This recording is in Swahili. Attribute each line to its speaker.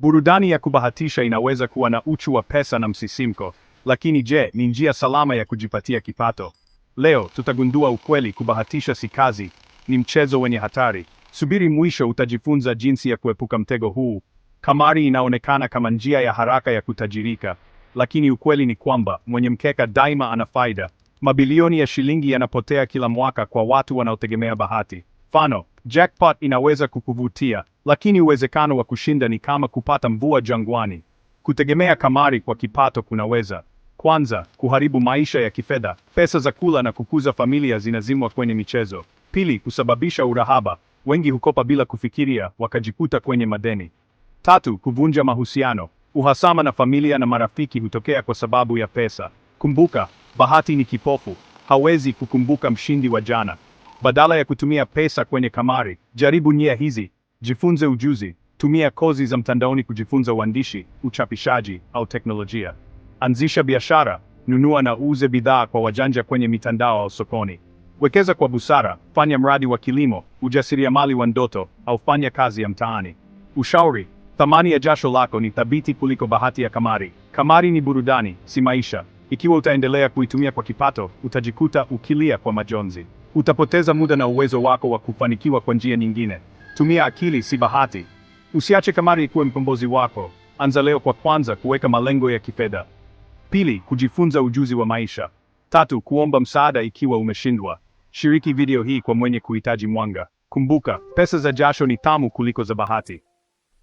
Speaker 1: Burudani ya kubahatisha inaweza kuwa na uchu wa pesa na msisimko, lakini je, ni njia salama ya kujipatia kipato? Leo tutagundua ukweli, kubahatisha si kazi, ni mchezo wenye hatari. Subiri mwisho, utajifunza jinsi ya kuepuka mtego huu. Kamari inaonekana kama njia ya haraka ya kutajirika, lakini ukweli ni kwamba mwenye mkeka daima ana faida. Mabilioni ya shilingi yanapotea kila mwaka kwa watu wanaotegemea bahati. Mfano, jackpot inaweza kukuvutia lakini uwezekano wa kushinda ni kama kupata mvua jangwani. Kutegemea kamari kwa kipato kunaweza kwanza, kuharibu maisha ya kifedha. Pesa za kula na kukuza familia zinazimwa kwenye michezo. Pili, kusababisha urahaba. Wengi hukopa bila kufikiria, wakajikuta kwenye madeni. Tatu, kuvunja mahusiano. Uhasama na familia na marafiki hutokea kwa sababu ya pesa. Kumbuka, bahati ni kipofu, hawezi kukumbuka mshindi wa jana. Badala ya kutumia pesa kwenye kamari, jaribu njia hizi. Jifunze ujuzi, tumia kozi za mtandaoni kujifunza uandishi, uchapishaji au teknolojia. Anzisha biashara, nunua na uuze bidhaa kwa wajanja kwenye mitandao au sokoni. Wekeza kwa busara, fanya mradi wa kilimo, ujasiriamali wa ndoto au fanya kazi ya mtaani. Ushauri, thamani ya jasho lako ni thabiti kuliko bahati ya kamari. Kamari ni burudani, si maisha. Ikiwa utaendelea kuitumia kwa kipato, utajikuta ukilia kwa majonzi. Utapoteza muda na uwezo wako wa kufanikiwa kwa njia nyingine. Tumia akili, si bahati. Usiache kamari ikuwe mkombozi wako. Anza leo kwa kwanza kuweka malengo ya kifedha. Pili, kujifunza ujuzi wa maisha. Tatu, kuomba msaada ikiwa umeshindwa. Shiriki video hii kwa mwenye kuhitaji mwanga. Kumbuka, pesa za jasho ni tamu kuliko za bahati.